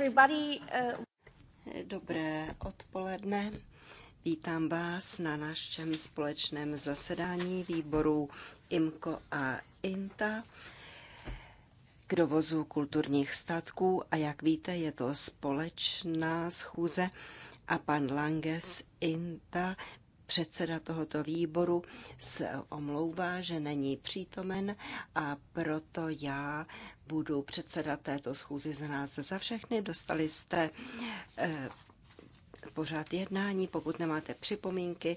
everybody. Uh, Dobré odpoledne. Vítám vás na našem společném zasedání výborů IMCO a INTA k dovozu kulturních statků a jak víte, je to společná schůze a pan Langes INTA předseda tohoto výboru se omlouvá, že není přítomen a proto já budu předsedat této schůzi z nás za všechny. Dostali jste eh, pořád jednání, pokud nemáte připomínky,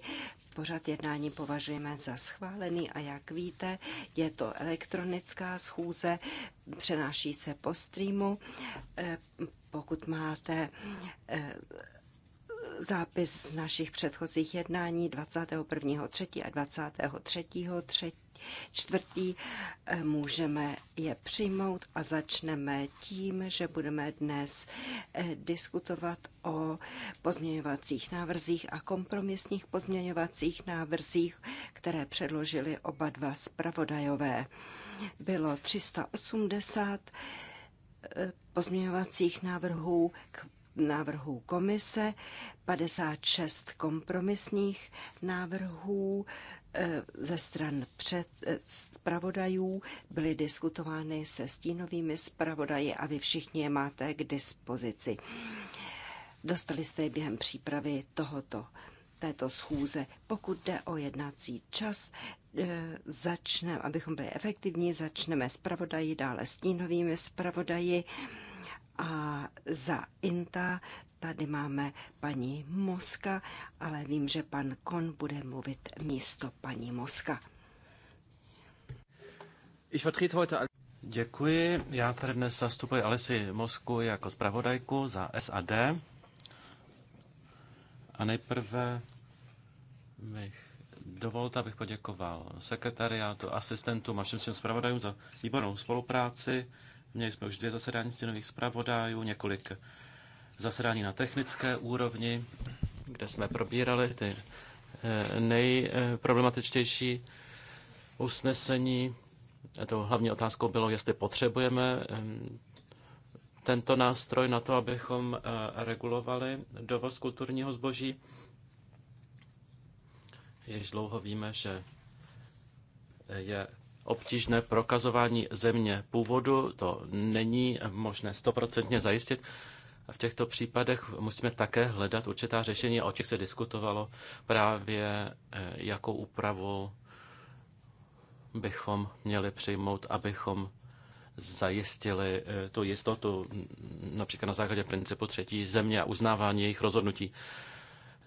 Pořad jednání považujeme za schválený a jak víte, je to elektronická schůze, přenáší se po streamu. Eh, pokud máte eh, Zápis z našich předchozích jednání 21.3. a 23. Eh, můžeme je přijmout a začneme tím, že budeme dnes eh, diskutovat o pozměňovacích návrzích a kompromisních pozměňovacích návrzích, které předložili oba dva zpravodajové. Bylo 380 eh, pozměňovacích návrhů k návrhů komise, 56 kompromisních návrhů eh, ze stran před eh, zpravodajů byly diskutovány se stínovými zpravodaji a vy všichni je máte k dispozici. Dostali jste je během přípravy tohoto této schůze. Pokud jde o jednací čas, eh, začneme, abychom byli efektivní, začneme zpravodaji, dále stínovými zpravodaji. A za INTA tady máme paní Moska, ale vím, že pan Kon bude mluvit místo paní Moska. Ich vertrete heute Děkuji. Já tady dnes zastupuji Alisi Mosku jako zpravodajku za SAD. A nejprve bych dovolte, abych poděkoval sekretariátu, asistentům a všem svým zpravodajům za výbornou spolupráci Měli jsme už dvě zasedání stěnových zpravodajů, několik zasedání na technické úrovni, kde jsme probírali ty eh, nejproblematičtější usnesení. Tou hlavní otázkou bylo, jestli potřebujeme eh, tento nástroj na to, abychom eh, regulovali dovoz kulturního zboží. Jež dlouho víme, že je obtížné prokazování země původu, to není možné stoprocentně zajistit. V těchto případech musíme také hledat určitá řešení, o těch se diskutovalo právě, e, jakou úpravu bychom měli přijmout, abychom zajistili e, tu jistotu, například na základě principu třetí země a uznávání jejich rozhodnutí.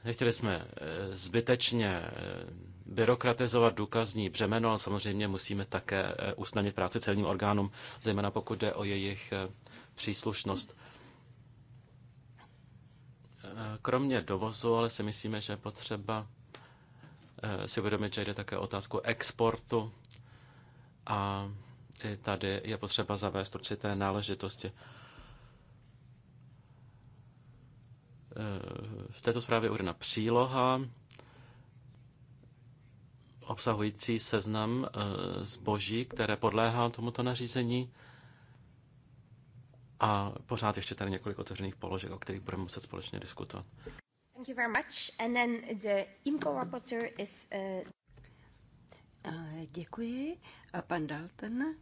Nechtěli jsme eh, zbytečně eh, byrokratizovat důkazní břemeno, ale samozřejmě musíme také eh, usnadnit práci celním orgánům, zejména pokud jde o jejich příslušnost. Kromě dovozu, ale si myslíme, že je potřeba si uvědomit, že jde také o otázku exportu a i tady je potřeba zavést určité náležitosti. v této zprávě uvedena příloha obsahující seznam eh, zboží, které podléhá tomuto nařízení. A pořád ještě tady několik otevřených položek, o kterých budeme muset společně diskutovat. Thank you very much. And then the IMCO is... Uh... Děkuji. A pan Dalton?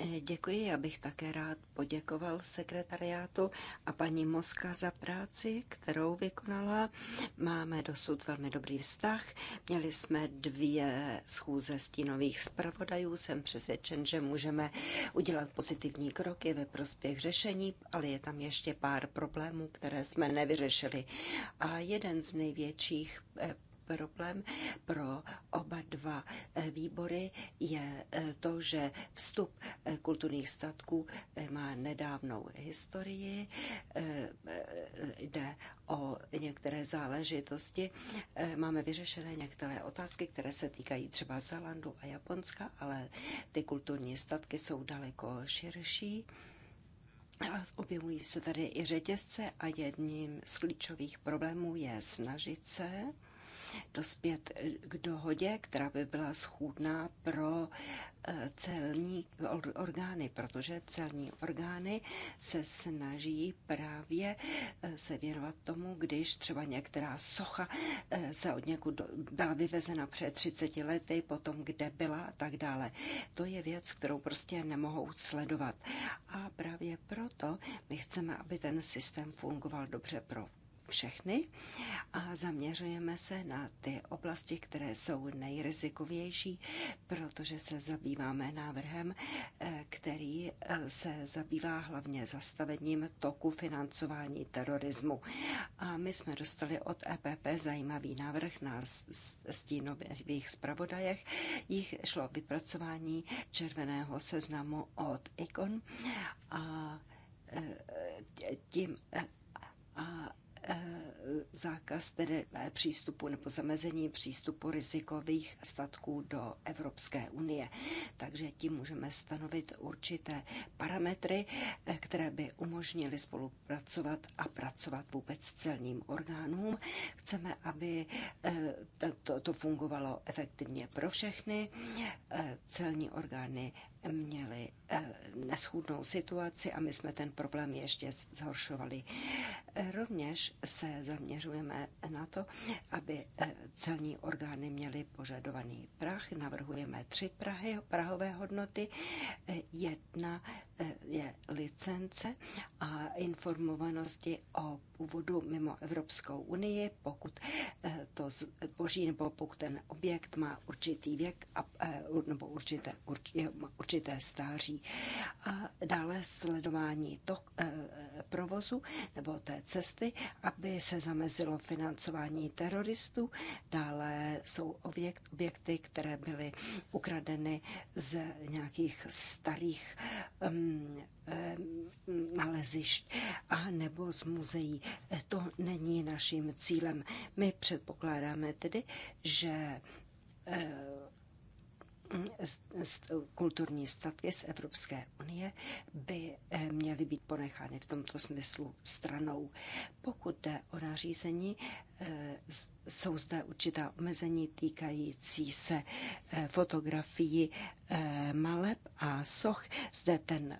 E, děkuji, já bych také rád poděkoval sekretariátu a paní Moska za práci, kterou vykonala. Máme dosud velmi dobrý vztah. Měli jsme dvě schůze stínových zpravodajů. Jsem přesvědčen, že můžeme udělat pozitivní kroky ve prospěch řešení, ale je tam ještě pár problémů, které jsme nevyřešili. A jeden z největších e, problém pro oba dva eh, výbory je eh, to, že vstup eh, kulturních statků má nedávnou historii, jde o některé záležitosti. Máme vyřešené některé otázky, které se týkají třeba Zelandu a Japonska, ale ty kulturní statky jsou daleko širší. Objevují se tady i řetězce a jedním z klíčových problémů je snažit se dospět eh, k dohodě, která by byla schůdná pro eh, celní orgány, protože celní orgány se snaží právě eh, se věnovat tomu, když třeba některá socha se od někud byla vyvezena před 30 lety, potom kde byla a tak dále. To je věc, kterou prostě nemohou sledovat. A právě proto my chceme, aby ten systém fungoval dobře pro všechny a zaměřujeme se na ty oblasti, které jsou nejrizikovější, protože se zabýváme návrhem, eh, který eh, se zabývá hlavně zastavením toku financování terorismu. A my jsme dostali od EPP zajímavý návrh na stínových zpravodajech. Jich šlo vypracování červeného seznamu od ICON a eh, tím a Eh, zákaz tedy eh, přístupu nebo zamezení přístupu rizikových statků do Evropské unie. Takže tím můžeme stanovit určité parametry, eh, které by umožnily spolupracovat a pracovat vůbec celním orgánům. Chceme, aby to, to fungovalo efektivně pro všechny. Celní orgány měli eh, neschůdnou situaci a my jsme ten problém ještě zhoršovali. Eh, rovněž se zaměřujeme na to, aby eh, celní orgány měly požadovaný prach. Navrhujeme tři prahy, prahové hodnoty. Jedna Eh, je licence a informovanosti o původu mimo Evropskou unii, pokud eh, to zboží nebo pokud ten objekt má určitý věk a, eh, nebo určité, určité stáří. A dále sledování to, provozu nebo té cesty, aby se zamezilo financování teroristů. Dále jsou objekt, objekty, které byly ukradeny z nějakých starých um, Eh, nalezišť a nebo z muzeí. Eh, to není naším cílem. My předpokládáme tedy, že eh, kulturní statky z Evropské unie by eh, měly být ponechány v tomto smyslu stranou. Pokud jde o nařízení, eh, jsou zde určitá omezení týkající se eh, fotografii maleb a soch. Zde ten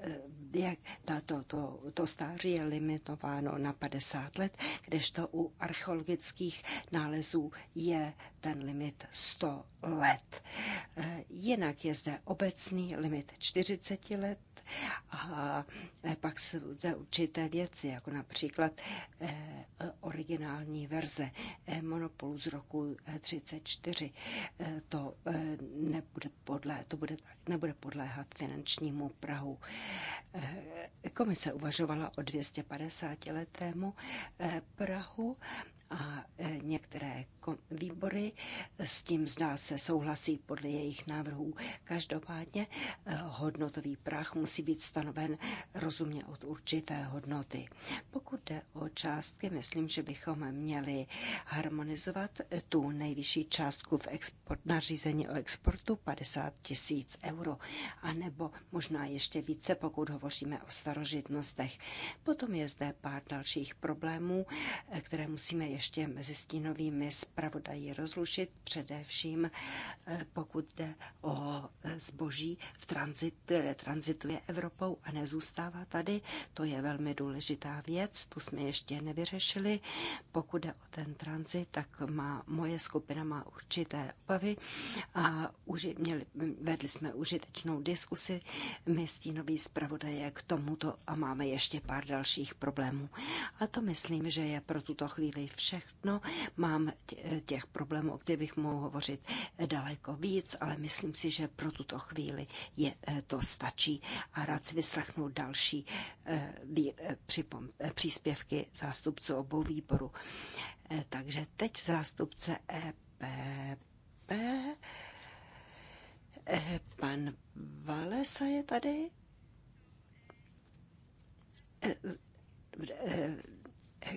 Eh, jak to, to, to stáří je limitováno na 50 let, kdežto u archeologických nálezů je ten limit 100 let. Eh, jinak je zde obecný limit 40 let a eh, pak se určité věci, jako například eh, originální verze eh, Monopolu z roku 34. To nebude, podle to bude, nebude podléhat finančnímu Prahu. Komise uvažovala o 250 letému Prahu a e, některé výbory s tím zdá se souhlasí podle jejich návrhů. Každopádně e, hodnotový prach musí být stanoven rozumně od určité hodnoty. Pokud jde o částky, myslím, že bychom měli harmonizovat tu nejvyšší částku v export, nařízení o exportu 50 tisíc euro, anebo možná ještě více, pokud hovoříme o starožitnostech. Potom je zde pár dalších problémů, e, které musíme ještě ještě mezi stínovými zpravodají rozlušit, především eh, pokud jde o eh, zboží, v transit, které transituje Evropou a nezůstává tady. To je velmi důležitá věc, tu jsme ještě nevyřešili. Pokud jde o ten transit, tak má, moje skupina má určité obavy a už měli, vedli jsme užitečnou diskusi my stínový zpravodaje k tomuto a máme ještě pár dalších problémů. A to myslím, že je pro tuto chvíli vše všechno. Mám těch problémů, o kterých bych mohl hovořit eh, daleko víc, ale myslím si, že pro tuto chvíli je, eh, to stačí a rád si vyslechnu další eh, příspěvky zástupců obou výborů. Takže teď zástupce EPP. Pan Valesa je tady.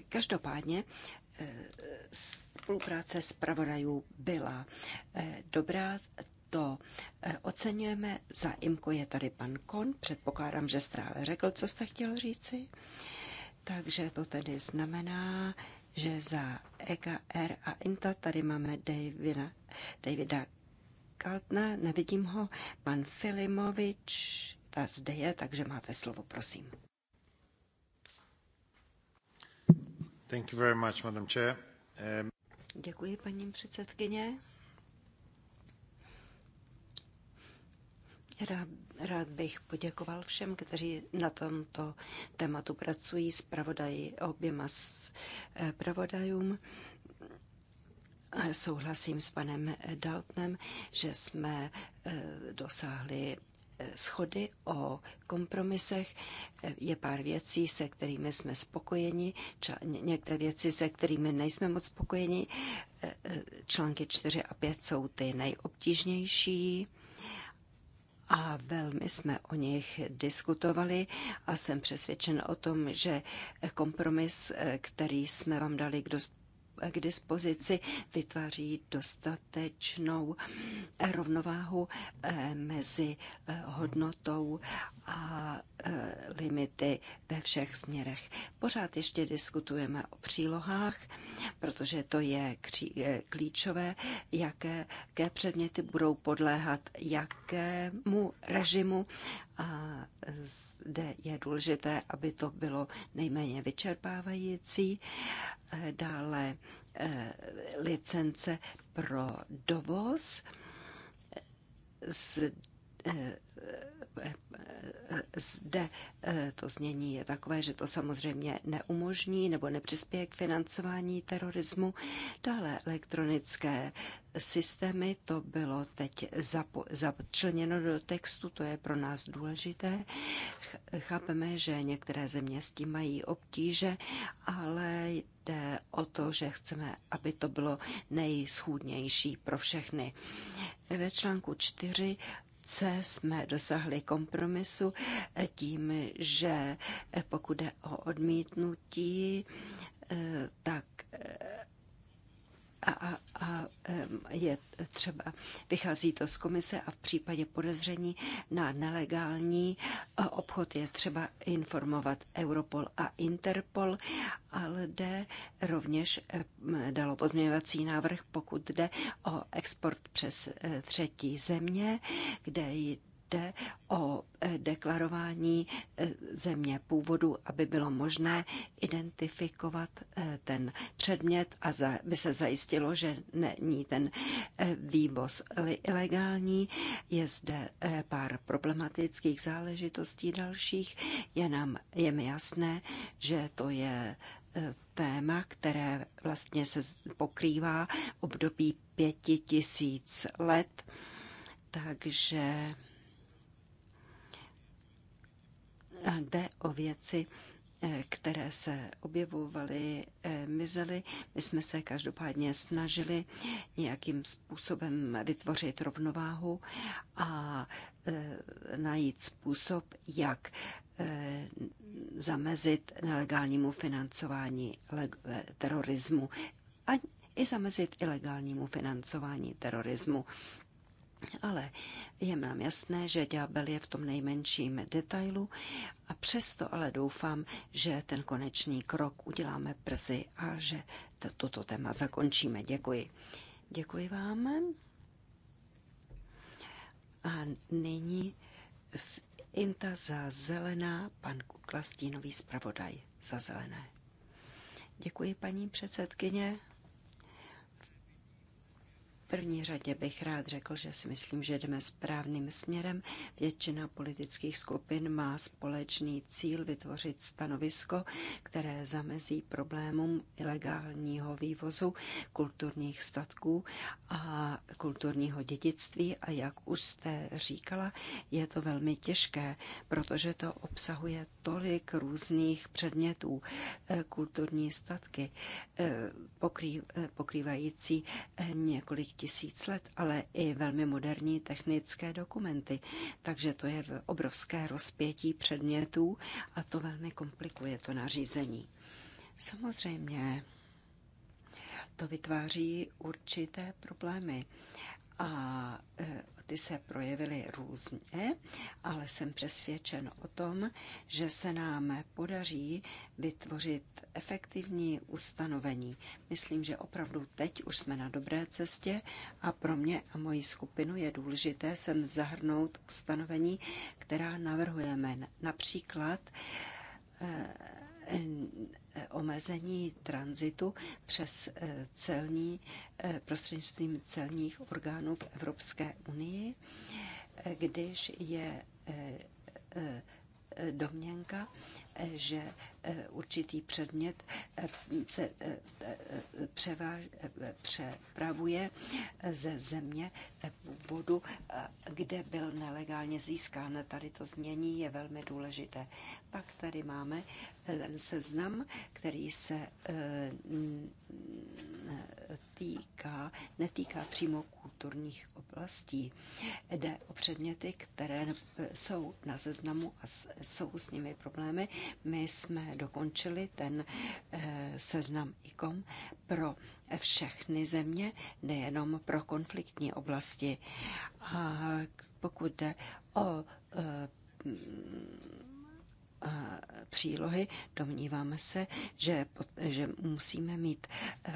Každopádně spolupráce s pravodajů byla eh, dobrá, to eh, oceňujeme. Za IMKO je tady pan Kon, předpokládám, že stále řekl, co jste chtěl říci. Takže to tedy znamená, že za EKR a INTA tady máme Davida, Davida Kaltna, nevidím ho, pan Filimovič, ta zde je, takže máte slovo, prosím. Thank you very much, Madam Chair. Um... Děkuji, paní předsedkyně. Rád, rád bych poděkoval všem, kteří na tomto tématu pracují, zpravodaji oběma zpravodajům. Eh, souhlasím s panem Daltnem, že jsme eh, dosáhli schody o kompromisech. Je pár věcí, se kterými jsme spokojeni, některé věci, se kterými nejsme moc spokojeni. E, e, články 4 a 5 jsou ty nejobtížnější a velmi jsme o nich diskutovali a jsem přesvědčen o tom, že kompromis, e, který jsme vám dali k dost k dispozici, vytváří dostatečnou rovnováhu eh, mezi eh, hodnotou a eh, limity ve všech směrech. Pořád ještě diskutujeme o přílohách, protože to je klíčové, jaké, jaké předměty budou podléhat jakému režimu a zde je důležité, aby to bylo nejméně vyčerpávající. Dále eh, licence pro dovoz. Z, eh, zde eh, to znění je takové, že to samozřejmě neumožní nebo nepřispěje k financování terorismu. Dále elektronické systémy, to bylo teď začleněno do textu, to je pro nás důležité. Chápeme, že některé země s tím mají obtíže, ale jde o to, že chceme, aby to bylo nejschůdnější pro všechny. Ve článku 4 C jsme dosahli kompromisu tím, že pokud jde o odmítnutí, eh, tak eh, a, a, a je třeba, vychází to z komise a v případě podezření na nelegální e, obchod je třeba informovat Europol a Interpol, ale jde rovněž dalo pozměňovací návrh, pokud jde o export přes e, třetí země, kde jde o e, deklarování e, země původu, aby bylo možné identifikovat e, ten předmět a by se zajistilo, že není ten vývoz ilegální. Je zde pár problematických záležitostí dalších. Je nám je mi jasné, že to je téma, které vlastně se pokrývá období pěti tisíc let. Takže jde o věci, eh, které se objevovaly, eh, mizely. My jsme se každopádně snažili nějakým způsobem vytvořit rovnováhu a eh, najít způsob, jak zamezit nelegálnímu financování terorismu a i zamezit ilegálnímu financování terorismu. Ale je nám jasné, že ďábel je v tom nejmenším detailu a přesto ale doufám, že ten konečný krok uděláme brzy a že toto téma zakončíme. Děkuji. Děkuji vám. A nyní v Inta za zelená, pan Kuklastínový zpravodaj za zelené. Děkuji, paní předsedkyně první řadě bych rád řekl, že si myslím, že jdeme správným směrem. Většina politických skupin má společný cíl vytvořit stanovisko, které zamezí problémům ilegálního vývozu kulturních statků a kulturního dědictví. A jak už jste říkala, je to velmi těžké, protože to obsahuje tolik různých předmětů. Eh, kulturní statky eh, eh, pokrývající několik tisíc let, ale i velmi moderní technické dokumenty. Takže to je v obrovské rozpětí předmětů a to velmi komplikuje to nařízení. Samozřejmě to vytváří určité problémy a e, ty se projevily různě, ale jsem přesvědčen o tom, že se nám podaří vytvořit efektivní ustanovení. Myslím, že opravdu teď už jsme na dobré cestě a pro mě a moji skupinu je důležité sem zahrnout ustanovení, která navrhujeme. Například e, omezení tranzitu přes eh, celní, eh, prostřednictvím celních orgánů v Evropské unii, eh, když je domněnka, že určitý předmět se převáž, přepravuje ze země původu, kde byl nelegálně získán. Tady to změní je velmi důležité. Pak tady máme ten seznam, který se týká, netýká přímo kulturních oblastí. Jde o předměty, které eh, jsou na seznamu a jsou s nimi problémy. My jsme dokončili ten eh, seznam ICOM pro všechny země, nejenom pro konfliktní oblasti. A pokud jde o eh, přílohy, domníváme se, že, že musíme mít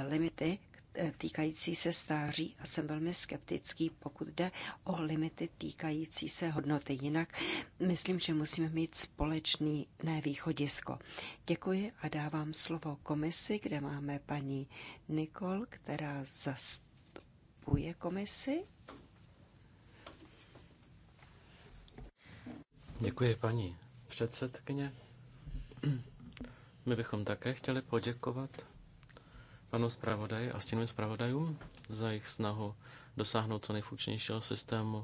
limity, Eh, týkající se stáří a jsem velmi skeptický, pokud jde o limity týkající se hodnoty. Jinak myslím, že musíme mít společný ne východisko. Děkuji a dávám slovo komisi, kde máme paní Nikol, která zastupuje komisi. Děkuji, paní předsedkyně. My bychom také chtěli poděkovat panu zpravodaji a stínovým zpravodajům za jejich snahu dosáhnout co nejfunkčnějšího systému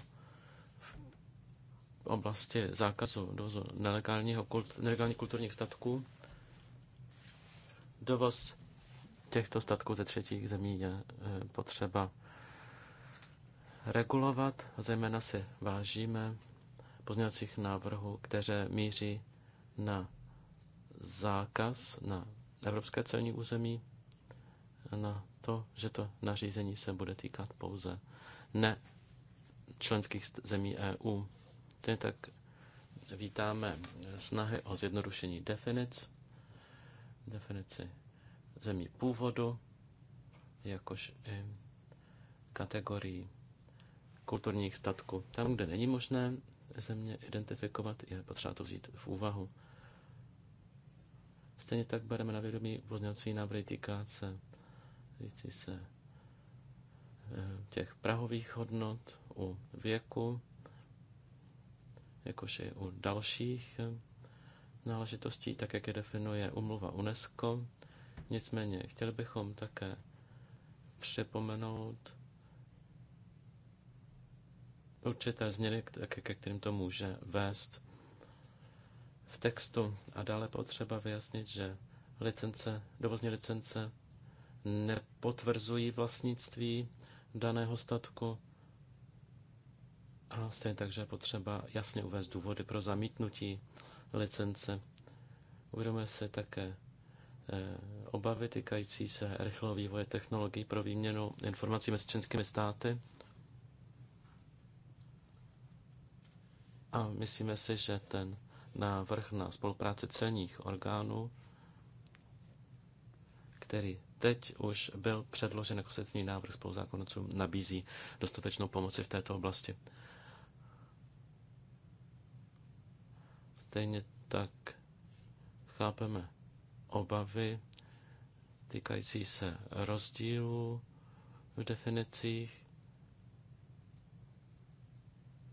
v oblasti zákazu dovozu nelegálního, kult, nelegálních kulturních statků. Dovoz těchto statků ze třetích zemí je eh, potřeba regulovat, zejména si vážíme pozměňovacích návrhů, které míří na zákaz na evropské celní území na to, že to nařízení se bude týkat pouze ne členských zemí EU. Tedy tak vítáme snahy o zjednodušení definic, definici zemí původu, jakož i kategorii kulturních statků. Tam, kde není možné země identifikovat, je potřeba to vzít v úvahu. Stejně tak bereme na vědomí pozněvací návrhy týkat se věci se eh, těch prahových hodnot u věku, jakož i u dalších eh, náležitostí, tak jak je definuje umluva UNESCO. Nicméně chtěli bychom také připomenout určité změny, ke kterým to může vést v textu. A dále potřeba vyjasnit, že licence, dovozní licence nepotvrzují vlastnictví daného statku. A stejně takže je potřeba jasně uvést důvody pro zamítnutí licence. Uvědomuje se také eh, obavy týkající se rychlého vývoje technologií pro výměnu informací mezi členskými státy. A myslíme si, že ten návrh na spolupráci celních orgánů, který Teď už byl předložen jako setní návrh spoluzákoncům, nabízí dostatečnou pomoci v této oblasti. Stejně tak chápeme obavy týkající se rozdílů v definicích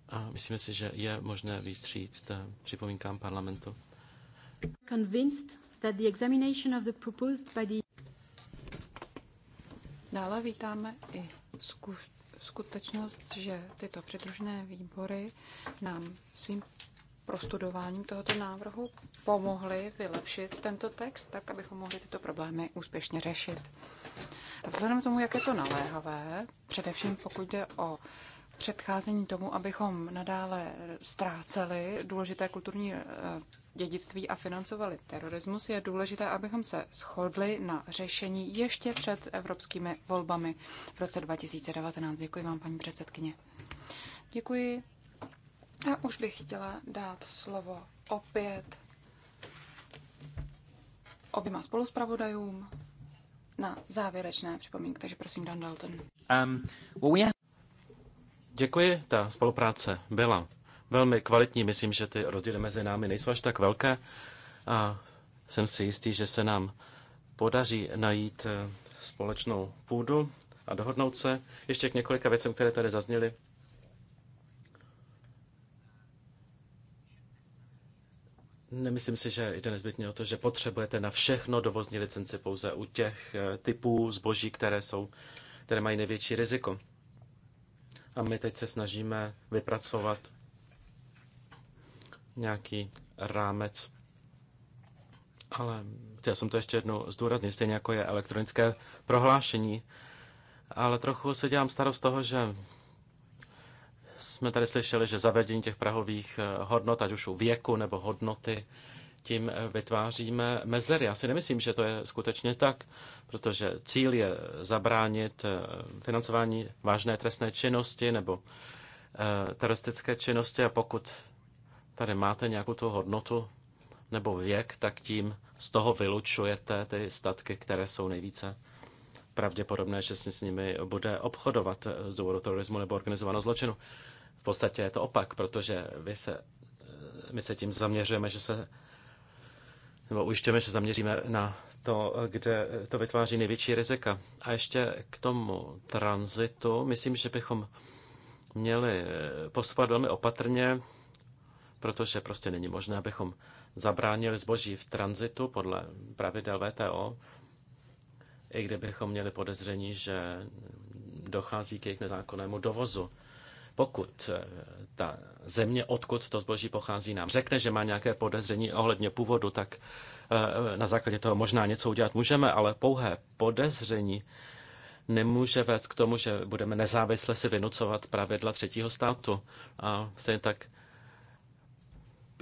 a myslíme si, že je možné vystříct připomínkám parlamentu. Convinced that the examination of the proposed by the Dále vítáme i skutečnost, že tyto předružné výbory nám svým prostudováním tohoto návrhu pomohly vylepšit tento text, tak abychom mohli tyto problémy úspěšně řešit. vzhledem k tomu, jak je to naléhavé, především pokud jde o předcházení tomu, abychom nadále ztráceli důležité kulturní eh, dědictví a financovali terorismus, je důležité, abychom se shodli na řešení ještě před evropskými volbami v roce 2019. Děkuji vám, paní předsedkyně. Děkuji. A už bych chtěla dát slovo opět oběma spoluspravodajům na závěrečné připomínky, takže prosím Dan Dalton. Um, well, yeah. Děkuji, ta spolupráce byla velmi kvalitní. Myslím, že ty rozdíly mezi námi nejsou až tak velké a jsem si jistý, že se nám podaří najít eh, společnou půdu a dohodnout se ještě k několika věcem, které tady zazněly. Nemyslím si, že jde nezbytně o to, že potřebujete na všechno dovozní licenci pouze u těch eh, typů zboží, které, jsou, které mají největší riziko. A my teď se snažíme vypracovat nějaký rámec. Ale chtěl jsem to ještě jednou zdůraznit, stejně jako je elektronické prohlášení. Ale trochu se dělám starost toho, že jsme tady slyšeli, že zavedení těch prahových eh, hodnot, ať už u věku nebo hodnoty, tím vytváříme mezery. Já si nemyslím, že to je skutečně tak, protože cíl je zabránit eh, financování vážné trestné činnosti nebo eh, teroristické činnosti a pokud tady máte nějakou tu hodnotu nebo věk, tak tím z toho vylučujete ty statky, které jsou nejvíce pravděpodobné, že se s nimi bude obchodovat eh, z důvodu terorismu nebo organizovaného zločinu. V podstatě je to opak, protože vy se, my se tím zaměřujeme, že se nebo ujišťujeme se zaměříme na to, kde to vytváří největší rizika. A ještě k tomu tranzitu, myslím, že bychom měli postupovat velmi opatrně, protože prostě není možné, abychom zabránili zboží v tranzitu podle pravidel VTO, i kdybychom měli podezření, že dochází k jejich nezákonnému dovozu. Pokud eh, ta země, odkud to zboží pochází, nám řekne, že má nějaké podezření ohledně původu, tak eh, na základě toho možná něco udělat můžeme, ale pouhé podezření nemůže vést k tomu, že budeme nezávisle si vynucovat pravidla třetího státu. A stejně tak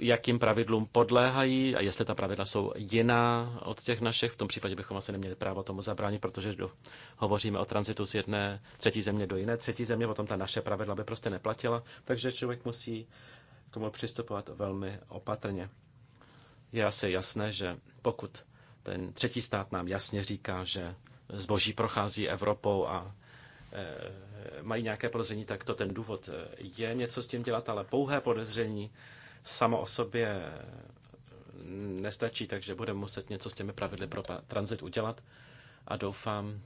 jakým pravidlům podléhají a jestli ta pravidla jsou jiná od těch našich. V tom případě bychom asi neměli právo tomu zabránit, protože do, hovoříme o tranzitu z jedné třetí země do jiné třetí země, potom ta naše pravidla by prostě neplatila, takže člověk musí k tomu přistupovat velmi opatrně. Je asi jasné, že pokud ten třetí stát nám jasně říká, že zboží prochází Evropou a e, mají nějaké podezření, tak to ten důvod e, je něco s tím dělat, ale pouhé podezření samo o sobě nestačí, takže budeme muset něco s těmi pravidly pro tranzit udělat a doufám,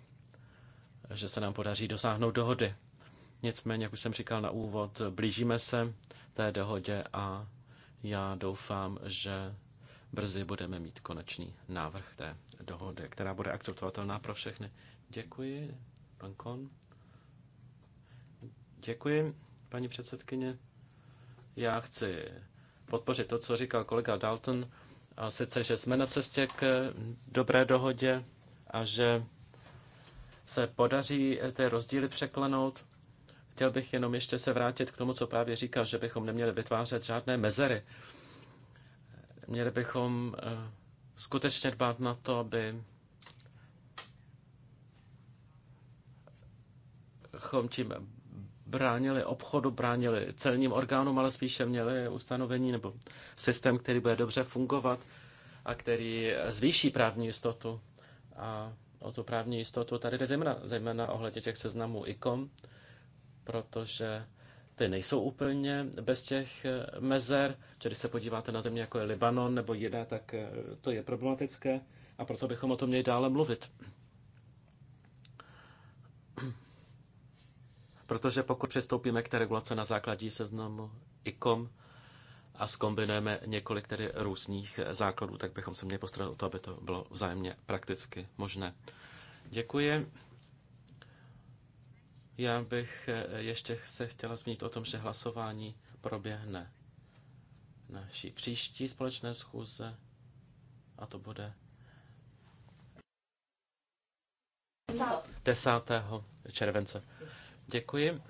že se nám podaří dosáhnout dohody. Nicméně, jak už jsem říkal na úvod, blížíme se té dohodě a já doufám, že brzy budeme mít konečný návrh té dohody, která bude akceptovatelná pro všechny. Děkuji, pan Kon. Děkuji, paní předsedkyně. Já chci podpořit to, co říkal kolega Dalton, a sice, že jsme na cestě k dobré dohodě a že se podaří ty rozdíly překlenout. Chtěl bych jenom ještě se vrátit k tomu, co právě říkal, že bychom neměli vytvářet žádné mezery. Měli bychom eh, skutečně dbát na to, aby tím bránili obchodu, bránili celním orgánům, ale spíše měli ustanovení nebo systém, který bude dobře fungovat a který zvýší právní jistotu. A o tu právní jistotu tady jde zejména, zejména ohledně těch seznamů ICOM, protože ty nejsou úplně bez těch eh, mezer. Když se podíváte na země jako je Libanon nebo jiné, tak eh, to je problematické a proto bychom o tom měli dále mluvit. Protože pokud přistoupíme k té regulace na základě seznamu ICOM a skombinujeme několik tedy různých základů, tak bychom se měli postarat o to, aby to bylo vzájemně prakticky možné. Děkuji. Já bych ještě se chtěla zmínit o tom, že hlasování proběhne naší příští společné schůze a to bude 10. července. Děkuji.